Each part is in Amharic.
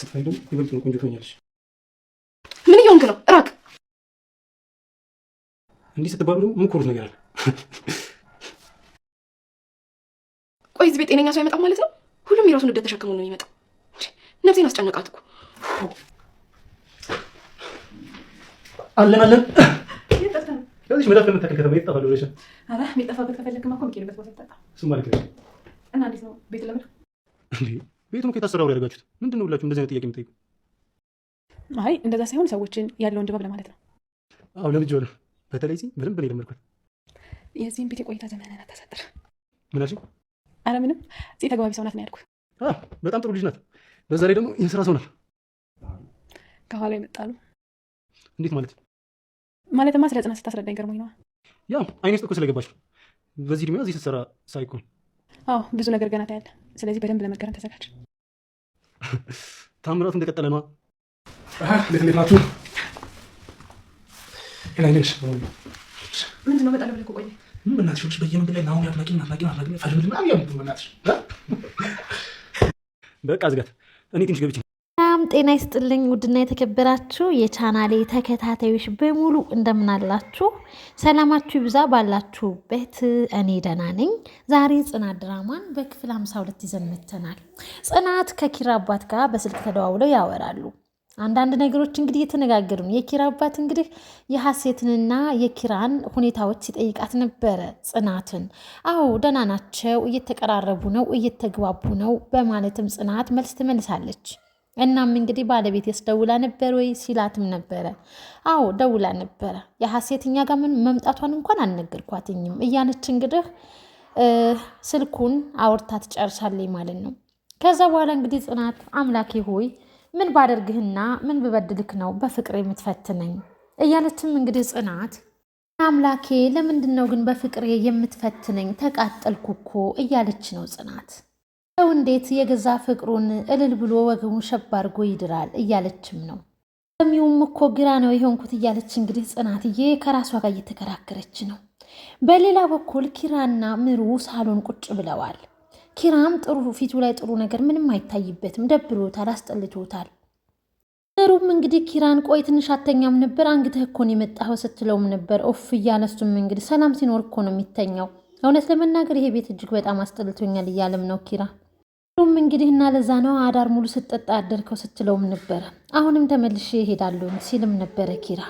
ስትፈይ ደግሞ ይበልጥ ነው ቆንጆ ትሆኛለሽ። ምን እየሆንክ ነው? እራቅ። እንዲህ ስትባሉ ደግሞ ምንኮሩት ነገር አለ። ቆይ እዚህ ቤት ጤነኛ ሰው አይመጣም ማለት ነው? ሁሉም የራሱን እድል ተሸክሞ ነው የሚመጣው። ነፍሴን አስጨነቃት እኮ። አለን አለን ለዚህ መዳፍ ለምታክል ከተማ የት ጠፋለሁ ብለሽ ነው? ኧረ የሚጠፋበት ከፈለግማ እኮ የሚኬድበት ቦታ ይጠጣ። እና እንዴት ነው ቤት ለምን ቤቱን ከየት አሰራሩ ያደርጋችሁት? ምንድን ነው ብላችሁ እንደዚህ አይነት ጥያቄ የምጠይቁ? አይ እንደዛ ሳይሆን ሰዎችን ያለውን ድባብ ለማለት ነው። አሁ ለምጅ ሆነ በተለይ ዚህ ምንም ብን የለመድኩት የዚህም ቤት የቆይታ ዘመን አታሳጥር። ምናሽ አልሽኝ? አረ ምንም ተግባቢ ሰው ናት ነው ያልኩት። በጣም ጥሩ ልጅ ናት። በዛ ላይ ደግሞ የስራ ሰው ናት። ከኋላ ይመጣሉ። እንዴት ማለት ማለትማ ስለ ጽናት ስታስረዳኝ ገርሞኝ ነዋ። ያው አይነት ውስጥ እኮ ስለገባች በዚህ እድሜዋ እዚህ ስትሰራ ሳይኮን አዎ ብዙ ነገር ገና ታያለን። ስለዚህ በደንብ ለመገረም ተዘጋጅ። ታምራት እንደቀጠለ ነዋ። ምንድነው መጣለ ብለህ ቆየ እናትሽ በየመንገድ ላይ ናሁን አድናቂ ናናቂ ናናቂ ፈድምድና ያምናትሽ በቃ ዝጋት። እኔ ትንሽ ገብቼ ጤና ይስጥልኝ ውድና የተከበራችሁ የቻናሌ ተከታታዮች በሙሉ እንደምናላችሁ፣ ሰላማችሁ ይብዛ ባላችሁበት። እኔ ደህና ነኝ። ዛሬ ጽናት ድራማን በክፍል 52 ይዘን መጥተናል። ጽናት ከኪራ አባት ጋር በስልክ ተደዋውለው ያወራሉ። አንዳንድ ነገሮች እንግዲህ እየተነጋገሩ ነው። የኪራ አባት እንግዲህ የሀሴትንና የኪራን ሁኔታዎች ሲጠይቃት ነበረ ጽናትን። አዎ ደህና ናቸው፣ እየተቀራረቡ ነው፣ እየተግባቡ ነው በማለትም ጽናት መልስ ትመልሳለች። እናም እንግዲህ ባለቤቴስ ደውላ ነበር ወይ ሲላትም ነበረ። አዎ ደውላ ነበረ። የሀሴትኛ ጋር ምን መምጣቷን እንኳን አልነገርኳትኝም እያለች እንግዲህ ስልኩን አውርታ ትጨርሳለች ማለት ነው። ከዛ በኋላ እንግዲህ ጽናት አምላኬ ሆይ ምን ባደርግህና ምን ብበድልክ ነው በፍቅር የምትፈትነኝ? እያለችም እንግዲህ ጽናት አምላኬ ለምንድን ነው ግን በፍቅሬ የምትፈትነኝ? ተቃጠልኩ እኮ እያለች ነው ጽናት ሰው እንዴት የገዛ ፍቅሩን እልል ብሎ ወገቡን ሸብ አድርጎ ይድራል እያለችም ነው። ሰሚውም እኮ ግራ ነው የሆንኩት እያለች እንግዲህ ጽናትዬ ከራሷ ጋር እየተከራከረች ነው። በሌላ በኩል ኪራና ምሩ ሳሎን ቁጭ ብለዋል። ኪራም ጥሩ ፊቱ ላይ ጥሩ ነገር ምንም አይታይበትም። ደብሮታል፣ አስጠልቶታል። ምሩም እንግዲህ ኪራን ቆይ ትንሽ አተኛም ነበር አንግተህ እኮን የመጣኸው ስትለውም ነበር። ኦፍ እያነሱም እንግዲህ ሰላም ሲኖር እኮ ነው የሚተኛው እውነት ለመናገር ይሄ ቤት እጅግ በጣም አስጠልቶኛል እያለም ነው ኪራ ሁሉም እንግዲህ እና ለዛ ነው አዳር ሙሉ ስጠጣ አደርከው ስትለውም ነበረ። አሁንም ተመልሼ እሄዳለሁ ሲልም ነበረ ኪራ።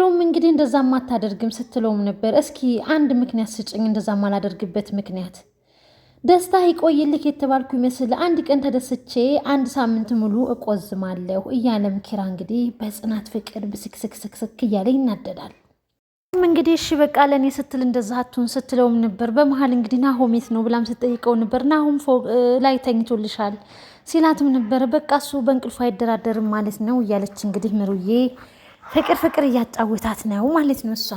ሩም እንግዲህ እንደዛም አታደርግም ስትለውም ነበር። እስኪ አንድ ምክንያት ስጭኝ እንደዛ አላደርግበት ምክንያት ደስታ ይቆይልክ የተባልኩ ይመስል አንድ ቀን ተደስቼ አንድ ሳምንት ሙሉ እቆዝማለሁ እያለም ኪራ እንግዲህ በጽናት ፍቅር ብስክስክስክስክ እያለ ይናደዳል። እንግዲህ እሺ በቃ ለእኔ ስትል እንደዛ አትሁን ስትለውም ነበር። በመሀል እንግዲህ ናሆሜት ነው ብላም ስትጠይቀው ነበር። ናሆም ፎቅ ላይ ተኝቶልሻል ሲላትም ነበር። በቃ እሱ በእንቅልፉ አይደራደርም ማለት ነው እያለች እንግዲህ ምሩዬ ፍቅር ፍቅር እያጫወታት ነው ማለት ነው። እሷ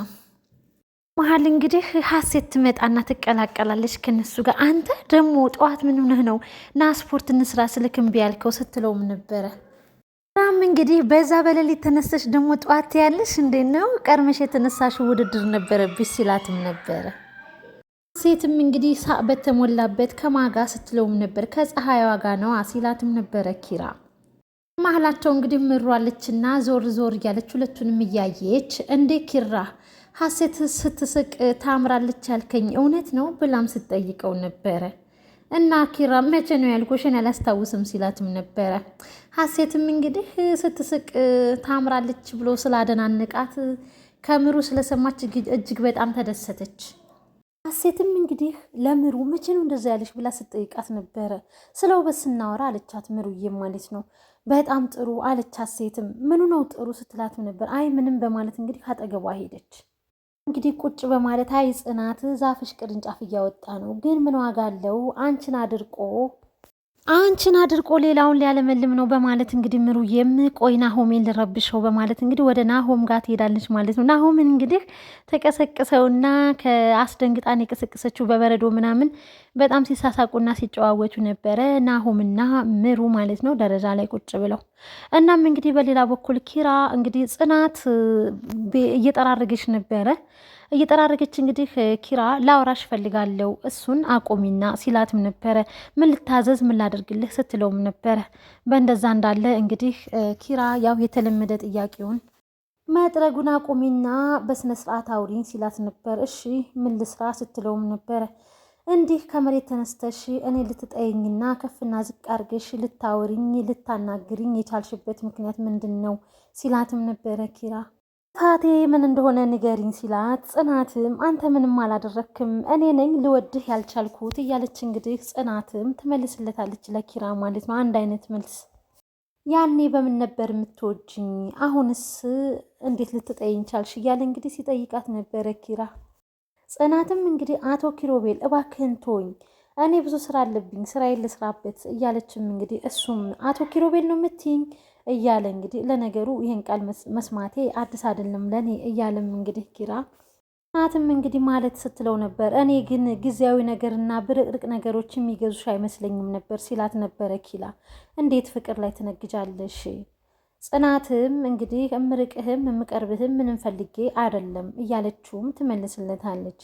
መሀል እንግዲህ ሀሴት ትመጣና ትቀላቀላለች ከነሱ ጋር። አንተ ደግሞ ጠዋት ምን ሆነህ ነው ና ስፖርት እንስራ ስልክ እምቢ ያልከው ስትለውም ነበረ እናም እንግዲህ በዛ በሌሊት ተነስተሽ ደግሞ ጠዋት ያለሽ እንዴት ነው ቀድመሽ የተነሳሽ ውድድር ነበረብሽ ሲላትም ነበረ። ሴትም እንግዲህ ሳቅ በተሞላበት ከማጋ ስትለውም ነበር ከፀሐይ ዋጋ ነዋ ሲላትም ነበረ ኪራ ማህላቸው እንግዲህ ምሯለችና ዞር ዞር እያለች ሁለቱንም እያየች እንዴ ኪራ ሀሴት ስትስቅ ታምራለች ያልከኝ እውነት ነው ብላም ስትጠይቀው ነበረ። እና ኪራ መቼ ነው ያልኩሽን አላስታውስም ሲላትም ነበረ። ሀሴትም እንግዲህ ስትስቅ ታምራለች ብሎ ስላደናንቃት ከምሩ ስለሰማች እጅግ በጣም ተደሰተች። ሀሴትም እንግዲህ ለምሩ መቼ ነው እንደዛ ያለሽ ብላ ስትጠይቃት ነበረ። ስለ ውበት ስናወራ አለቻት ምሩዬ ማለት ነው። በጣም ጥሩ አለቻት ሀሴትም። ምኑ ነው ጥሩ ስትላትም ነበር። አይ ምንም በማለት እንግዲህ አጠገቧ ሄደች። እንግዲህ ቁጭ በማለት አይ ጽናት ዛፍሽ ቅርንጫፍ እያወጣ ነው፣ ግን ምን ዋጋ አለው አንቺን አድርቆ አንቺን አድርቆ ሌላውን ሊያለመልም ነው በማለት እንግዲህ ምሩ ቆይ ናሆሜን ልረብሸው በማለት እንግዲህ ወደ ናሆም ጋር ትሄዳለች ማለት ነው። ናሆምን እንግዲህ ተቀሰቅሰውና ከአስደንግጣን የቀሰቀሰችው በበረዶ ምናምን በጣም ሲሳሳቁና ሲጨዋወቱ ነበረ ናሆምና ምሩ ማለት ነው ደረጃ ላይ ቁጭ ብለው። እናም እንግዲህ በሌላ በኩል ኪራ እንግዲህ ጽናት እየጠራረገች ነበረ እየጠራረገች እንግዲህ ኪራ ላውራሽ ፈልጋለው እሱን አቆሚና ሲላትም ነበረ። ምን ልታዘዝ ምን ላደርግልህ ስትለውም ነበረ። በእንደዛ እንዳለ እንግዲህ ኪራ ያው የተለመደ ጥያቄውን መጥረጉን አቆሚና በስነ ስርዓት አውሪኝ ሲላት ነበር። እሺ ምን ልስራ ስትለውም ነበረ። እንዲህ ከመሬት ተነስተሽ እኔ ልትጠይኝና ከፍና ዝቅ አርገሽ ልታወሪኝ ልታናግሪኝ የቻልሽበት ምክንያት ምንድን ነው? ሲላትም ነበረ ኪራ ጥፋቴ ምን እንደሆነ ንገሪኝ ሲላት ጽናትም አንተ ምንም አላደረክም እኔ ነኝ ልወድህ ያልቻልኩት እያለች እንግዲህ ጽናትም ትመልስለታለች ለኪራ ማለት ነው። አንድ አይነት መልስ ያኔ በምን ነበር የምትወጅኝ? አሁንስ እንዴት ልትጠይኝ ቻልሽ? እያለ እንግዲህ ሲጠይቃት ነበረ ኪራ። ጽናትም እንግዲህ አቶ ኪሮቤል እባክህን ተወኝ፣ እኔ ብዙ ስራ አለብኝ፣ ስራ የለስራበት እያለችም እንግዲህ እሱም አቶ ኪሮቤል ነው የምትይኝ እያለ እንግዲህ ለነገሩ ይህን ቃል መስማቴ አዲስ አይደለም ለኔ እያለም እንግዲህ ኪራ ናትም እንግዲህ ማለት ስትለው ነበር። እኔ ግን ጊዜያዊ ነገርና ብርቅርቅ ነገሮች የሚገዙሽ አይመስለኝም ነበር ሲላት ነበረ ኪላ እንዴት ፍቅር ላይ ትነግጃለሽ? ጽናትም እንግዲህ እምርቅህም እምቀርብህም ምንም ፈልጌ አይደለም እያለችውም ትመልስለታለች።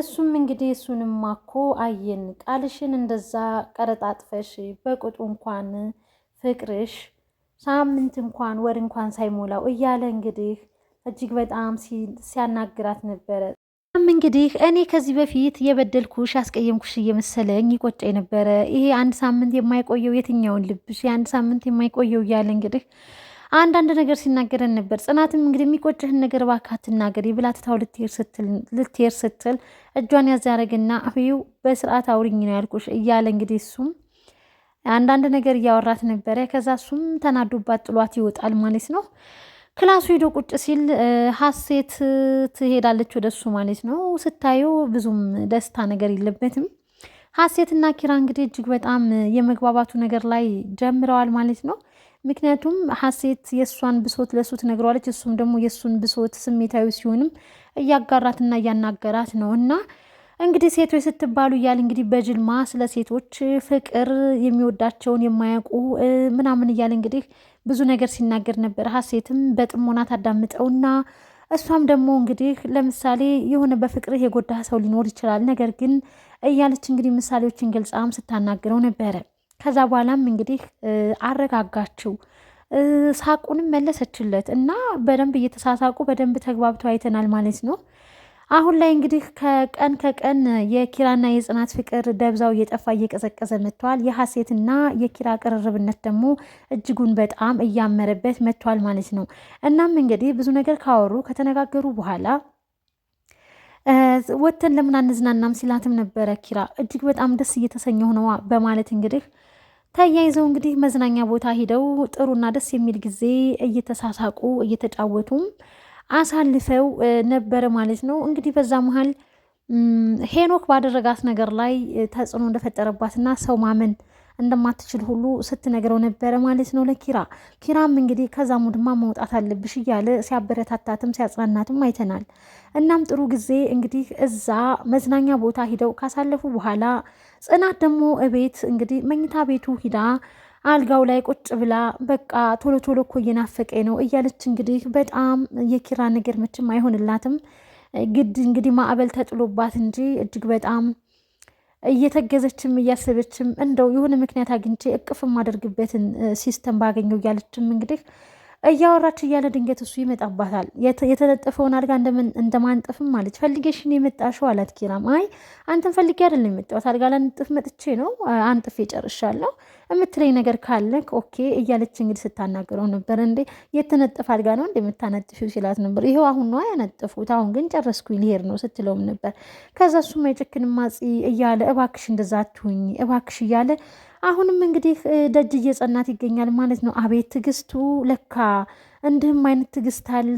እሱም እንግዲህ እሱንማ እኮ አየን ቃልሽን እንደዛ ቀረጣጥፈሽ በቁጡ እንኳን ፍቅርሽ ሳምንት እንኳን ወር እንኳን ሳይሞላው እያለ እንግዲህ እጅግ በጣም ሲያናግራት ነበረ። ም እንግዲህ እኔ ከዚህ በፊት የበደልኩሽ ያስቀየምኩሽ እየመሰለኝ ይቆጨኝ ነበረ። ይሄ አንድ ሳምንት የማይቆየው የትኛውን ልብሽ የአንድ ሳምንት የማይቆየው እያለ እንግዲህ አንዳንድ ነገር ሲናገረን ነበር። ጽናትም እንግዲህ የሚቆጭህን ነገር እባክህ አትናገሪ ብላ ትታው ልትሄድ ስትል እጇን ያዛረግና አብዩ በስርዓት አውሪኝ ነው ያልኩሽ እያለ እንግዲህ እሱም አንዳንድ ነገር እያወራት ነበረ። ከዛ እሱም ተናዶባት ጥሏት ይወጣል ማለት ነው። ክላሱ ሄዶ ቁጭ ሲል ሀሴት ትሄዳለች ወደሱ ማለት ነው። ስታየው ብዙም ደስታ ነገር የለበትም። ሀሴትና ኪራ እንግዲህ እጅግ በጣም የመግባባቱ ነገር ላይ ጀምረዋል ማለት ነው። ምክንያቱም ሀሴት የእሷን ብሶት ለሱ ትነግረዋለች፣ እሱም ደግሞ የእሱን ብሶት ስሜታዊ ሲሆንም እያጋራትና እያናገራት ነው እና እንግዲህ ሴቶች ስትባሉ እያል እንግዲህ በጅልማ ስለ ሴቶች ፍቅር የሚወዳቸውን የማያውቁ ምናምን እያል እንግዲህ ብዙ ነገር ሲናገር ነበር። ሀሴትም በጥሞና ታዳምጠውና እሷም ደግሞ እንግዲህ ለምሳሌ የሆነ በፍቅርህ የጎዳ ሰው ሊኖር ይችላል፣ ነገር ግን እያለች እንግዲህ ምሳሌዎችን ገልጻም ስታናግረው ነበረ። ከዛ በኋላም እንግዲህ አረጋጋችው፣ ሳቁንም መለሰችለት እና በደንብ እየተሳሳቁ በደንብ ተግባብተው አይተናል ማለት ነው። አሁን ላይ እንግዲህ ከቀን ከቀን የኪራና የጽናት ፍቅር ደብዛው እየጠፋ እየቀዘቀዘ መጥቷል። የሀሴትና የኪራ ቅርርብነት ደግሞ እጅጉን በጣም እያመረበት መጥቷል ማለት ነው። እናም እንግዲህ ብዙ ነገር ካወሩ ከተነጋገሩ በኋላ ወተን ለምን አንዝናናም ሲላትም ነበረ ኪራ እጅግ በጣም ደስ እየተሰኘ ነዋ በማለት እንግዲህ ተያይዘው እንግዲህ መዝናኛ ቦታ ሂደው ጥሩና ደስ የሚል ጊዜ እየተሳሳቁ እየተጫወቱም አሳልፈው ነበረ ማለት ነው። እንግዲህ በዛ መሀል ሄኖክ ባደረጋት ነገር ላይ ተጽዕኖ እንደፈጠረባትና ሰው ማመን እንደማትችል ሁሉ ስትነግረው ነበረ ማለት ነው ለኪራ። ኪራም እንግዲህ ከዛ ሙድማ መውጣት አለብሽ እያለ ሲያበረታታትም ሲያጽናናትም አይተናል። እናም ጥሩ ጊዜ እንግዲህ እዛ መዝናኛ ቦታ ሂደው ካሳለፉ በኋላ ጽናት ደግሞ እቤት እንግዲህ መኝታ ቤቱ ሂዳ አልጋው ላይ ቁጭ ብላ በቃ ቶሎ ቶሎ እኮ እየናፈቀ ነው እያለች እንግዲህ በጣም የኪራ ነገር መቼም አይሆንላትም። ግድ እንግዲህ ማዕበል ተጥሎባት እንጂ እጅግ በጣም እየተገዘችም እያሰበችም እንደው የሆነ ምክንያት አግኝቼ እቅፍ አደርግበትን ሲስተም ባገኘው እያለችም እንግዲህ እያወራች እያለ ድንገት እሱ ይመጣባታል። የተለጠፈውን አልጋ እንደማንጠፍም ማለት ፈልጌሽን የመጣሽው አላት። ኪራም አይ አንተን ፈልጌ አይደለም የመጣሁት አልጋ ላንጥፍ መጥቼ ነው አንጥፍ ጨርሻለሁ የምትለኝ ነገር ካለ ኦኬ እያለች እንግዲህ ስታናገረው ነበር። እንዴ የተነጠፈ አልጋ ነው እንደምታነጥፊው ሲላት ነበር። ይሄው አሁን ነዋ ያነጠፉት፣ አሁን ግን ጨረስኩኝ ልሄድ ነው ስትለውም ነበር። ከዛ እሱም አይጨክንም አፄ እያለ እባክሽ እንደዛ አትሁኝ እባክሽ እያለ አሁንም እንግዲህ ደጅ እየጸናት ይገኛል ማለት ነው። አቤት ትዕግስቱ ለካ እንዲህም አይነት ትዕግስት አለ።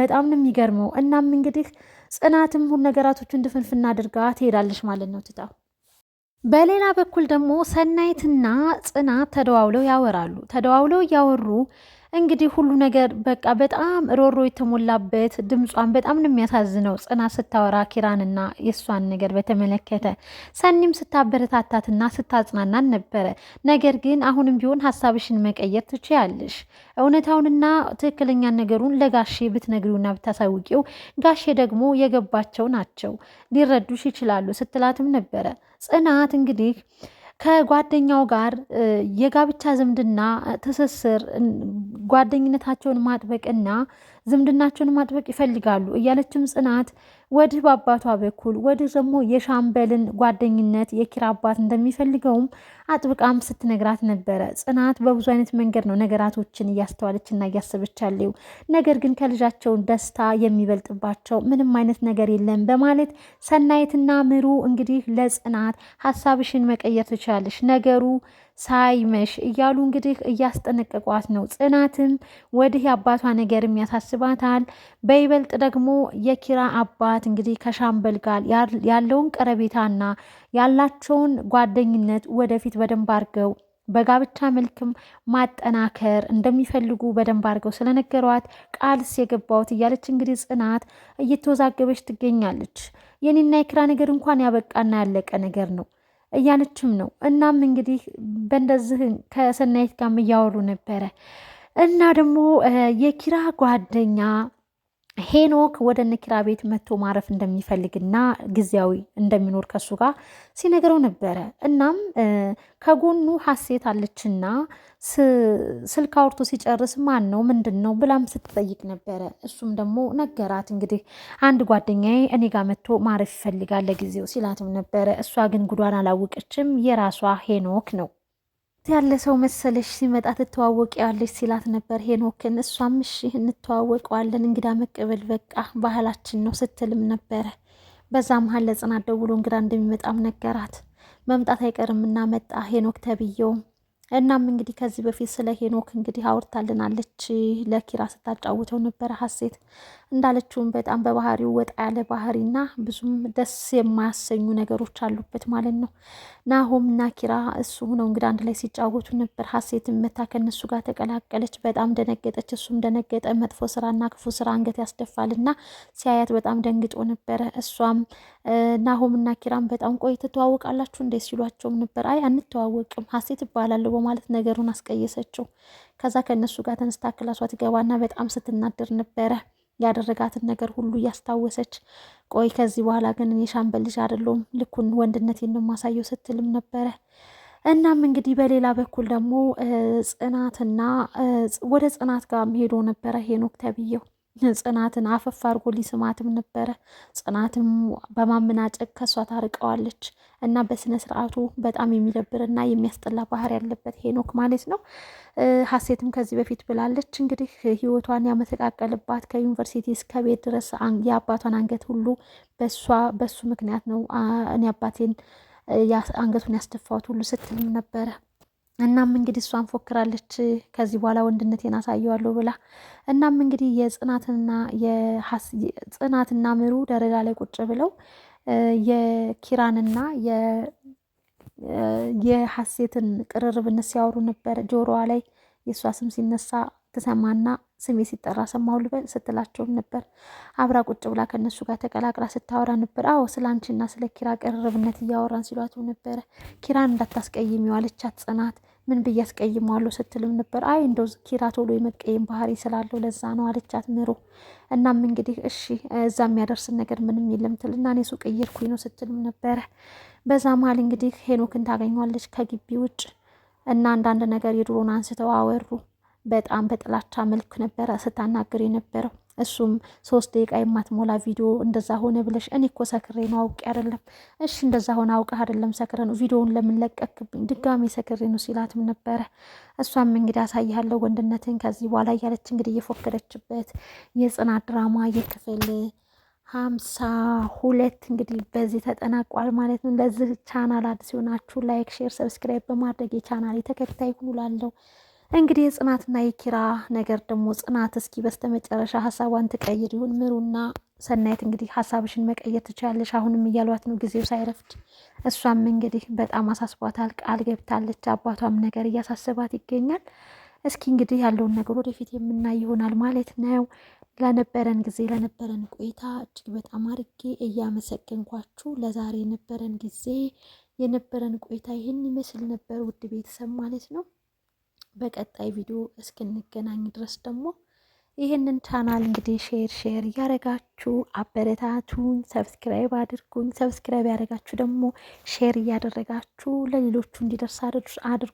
በጣም ነው የሚገርመው። እናም እንግዲህ ጽናትም ሁሉ ነገራቶቹን ድፍንፍና አድርጋ ትሄዳለች ማለት ነው ትታ በሌላ በኩል ደግሞ ሰናይትና ጽናት ተደዋውለው ያወራሉ። ተደዋውለው እያወሩ እንግዲህ ሁሉ ነገር በቃ በጣም ሮሮ የተሞላበት ድምጿን በጣም ነው የሚያሳዝነው። ጽናት ስታወራ ኪራንና የእሷን ነገር በተመለከተ ሰኒም ስታበረታታትና ስታጽናናን ነበረ። ነገር ግን አሁንም ቢሆን ሀሳብሽን መቀየር ትችያለሽ። እውነታውንና ትክክለኛ ነገሩን ለጋሼ ብትነግሪውና ብታሳውቂው ጋሼ ደግሞ የገባቸው ናቸው፣ ሊረዱሽ ይችላሉ ስትላትም ነበረ ጽናት እንግዲህ ከጓደኛው ጋር የጋብቻ ዝምድና ትስስር ጓደኝነታቸውን ማጥበቅና ዝምድናቸውን ማጥበቅ ይፈልጋሉ እያለችም ጽናት ወዲህ በአባቷ በኩል ወዲህ ደግሞ የሻምበልን ጓደኝነት የኪራ አባት እንደሚፈልገውም አጥብቃም ስትነግራት ነበረ። ጽናት በብዙ አይነት መንገድ ነው ነገራቶችን እያስተዋለችና እያሰበች ያለው። ነገር ግን ከልጃቸውን ደስታ የሚበልጥባቸው ምንም አይነት ነገር የለም በማለት ሰናይትና ምሩ እንግዲህ ለጽናት ሀሳብሽን መቀየር ትችላለች ነገሩ ሳይመሽ እያሉ እንግዲህ እያስጠነቀቋት ነው። ጽናትም ወዲህ የአባቷ ነገርም ያሳስባታል። በይበልጥ ደግሞ የኪራ አባት እንግዲህ ከሻምበል ጋር ያለውን ቀረቤታና ያላቸውን ጓደኝነት ወደፊት በደንብ አርገው በጋብቻ መልክም ማጠናከር እንደሚፈልጉ በደንብ አርገው ስለነገሯት ቃልስ የገባሁት እያለች እንግዲህ ጽናት እየተወዛገበች ትገኛለች። የኔና የኪራ ነገር እንኳን ያበቃና ያለቀ ነገር ነው እያለችም ነው። እናም እንግዲህ በእንደዚህ ከሰናይት ጋርም እያወሩ ነበረ እና ደግሞ የኪራ ጓደኛ ሄኖክ ወደ ነኪራ ቤት መጥቶ ማረፍ እንደሚፈልግና ጊዜያዊ እንደሚኖር ከሱ ጋር ሲነግረው ነበረ። እናም ከጎኑ ሀሴት አለችና ስልክ አውርቶ ሲጨርስ ማን ነው ምንድን ነው ብላም ስትጠይቅ ነበረ። እሱም ደግሞ ነገራት። እንግዲህ አንድ ጓደኛዬ እኔ ጋር መጥቶ ማረፍ ይፈልጋል ለጊዜው ሲላትም ነበረ። እሷ ግን ጉዷን አላወቀችም። የራሷ ሄኖክ ነው ያለ ሰው መሰለሽ ሲመጣ ትተዋወቂያለሽ ሲላት ነበር ሄኖክን። እሷም እሺ እንተዋወቀዋለን እንግዳ መቀበል በቃ ባህላችን ነው ስትልም ነበረ። በዛ መሀል ለጽናት ደውሎ እንግዳ እንደሚመጣም ነገራት። መምጣት አይቀርምና መጣ ሄኖክ ተብየውም። እናም እንግዲህ ከዚህ በፊት ስለ ሄኖክ እንግዲህ አውርታልናለች። ለኪራ ስታጫውተው ነበረ ሀሴት እንዳለችውም በጣም በባህሪው ወጣ ያለ ባህሪና ብዙም ደስ የማያሰኙ ነገሮች አሉበት ማለት ነው። ናሆም እና ኪራ እሱ ነው እንግዲህ አንድ ላይ ሲጫወቱ ነበር። ሀሴት መታ ከነሱ ጋር ተቀላቀለች። በጣም ደነገጠች፣ እሱም ደነገጠ። መጥፎ ስራና ክፉ ስራ አንገት ያስደፋልና ሲያያት በጣም ደንግጦ ነበረ። እሷም ናሆም እና ኪራም በጣም ቆይ ትተዋወቃላችሁ እንዴ ሲሏቸውም ነበር። አይ አንተዋወቅም ሀሴት እባላለሁ በማለት ነገሩን አስቀየሰችው። ከዛ ከእነሱ ጋር ተነስታ ክላሷ ትገባና በጣም ስትናደር ነበረ ያደረጋትን ነገር ሁሉ እያስታወሰች ቆይ ከዚህ በኋላ ግን እኔ ሻምበል ልጅ አይደለሁም ልኩን ወንድነቴን ነው ማሳየው ስትልም ነበረ። እናም እንግዲህ በሌላ በኩል ደግሞ ጽናትና ወደ ጽናት ጋር ሄዶ ነበረ ሄኖክ ተብዬው ጽናትን አፈፍ አድርጎ ሊስማትም ነበረ። ጽናትም በማመናጨቅ ከእሷ ታርቀዋለች እና በስነ ስርዓቱ በጣም የሚደብር የሚያስጠላ ባህሪ ያለበት ሄኖክ ማለት ነው። ሀሴትም ከዚህ በፊት ብላለች እንግዲህ ህይወቷን ያመሰቃቀልባት ከዩኒቨርሲቲ እስከ ቤት ድረስ የአባቷን አንገት ሁሉ በሷ በሱ ምክንያት ነው እኔ አባቴን አንገቱን ያስደፋሁት ሁሉ ስትልም ነበረ። እናም እንግዲህ እሷን ፎክራለች። ከዚህ በኋላ ወንድነቴን አሳየዋለሁ ብላ እናም እንግዲህ የጽናትና ጽናትና ምሩ ደረጃ ላይ ቁጭ ብለው የኪራንና የሀሴትን ቅርርብነት ሲያወሩ ነበር። ጆሮዋ ላይ የእሷ ስም ሲነሳ ስትሰማና ስሜ ሲጠራ ሰማሁ ልበል ስትላቸውም ነበር። አብራ ቁጭ ብላ ከእነሱ ጋር ተቀላቅላ ስታወራ ነበር። አዎ ስለ አንቺና ስለ ኪራ ቅርርብነት እያወራን ሲሏትም ነበረ። ኪራን እንዳታስቀይም አለቻት ጽናት። ምን ብዬ አስቀይመዋለሁ ስትልም ነበር። አይ እንደው ኪራ ቶሎ የመቀየም ባህሪ ስላለው ለዛ ነው አለቻት ምሩ። እናም እንግዲህ እሺ እዛ የሚያደርስን ነገር ምንም የለም ትልና እኔ ሱቅ እየሄድኩኝ ነው ስትልም ነበረ። በዛ መሀል እንግዲህ ሄኖክን ታገኘዋለች ከግቢ ውጭ እና አንዳንድ ነገር የድሮን አንስተው አወሩ። በጣም በጥላቻ መልክ ነበረ ስታናግር የነበረው። እሱም ሶስት ደቂቃ የማትሞላ ቪዲዮ እንደዛ ሆነ ብለሽ እኔ እኮ ሰክሬ ነው አውቄ አይደለም። እሺ እንደዛ ሆነ አውቀህ አይደለም ሰክሬ ነው ቪዲዮውን ለምን ለቀክብኝ ድጋሜ ሰክሬ ነው ሲላትም ነበረ። እሷም እንግዲህ አሳይሃለሁ ወንድነትን ከዚህ በኋላ እያለች እንግዲህ እየፎከረችበት የጽናት ድራማ የክፍል ሀምሳ ሁለት እንግዲህ በዚህ ተጠናቋል ማለት ነው። ለዚህ ቻናል አዲስ ሲሆናችሁ ላይክ፣ ሼር፣ ሰብስክራይብ በማድረግ የቻናል የተከታይ ሁኑ እንግዲህ የጽናትና የኪራ ነገር ደግሞ ጽናት እስኪ በስተመጨረሻ ሀሳቧን ትቀይር ይሁን ምሩና ሰናይት እንግዲህ ሀሳብሽን መቀየር ትችላለሽ አሁንም እያሏት ነው፣ ጊዜው ሳይረፍድ። እሷም እንግዲህ በጣም አሳስቧታል፣ ቃል ገብታለች። አባቷም ነገር እያሳሰባት ይገኛል። እስኪ እንግዲህ ያለውን ነገር ወደፊት የምናይ ይሆናል ማለት ነው። ለነበረን ጊዜ ለነበረን ቆይታ እጅግ በጣም አድርጌ እያመሰገንኳችሁ ለዛሬ የነበረን ጊዜ የነበረን ቆይታ ይህን ይመስል ነበር፣ ውድ ቤተሰብ ማለት ነው። በቀጣይ ቪዲዮ እስክንገናኝ ድረስ ደግሞ ይህንን ቻናል እንግዲህ ሼር ሼር እያደረጋችሁ አበረታቱኝ፣ ሰብስክራይብ አድርጉኝ። ሰብስክራይብ ያደረጋችሁ ደግሞ ሼር እያደረጋችሁ ለሌሎቹ እንዲደርስ አድርጉ።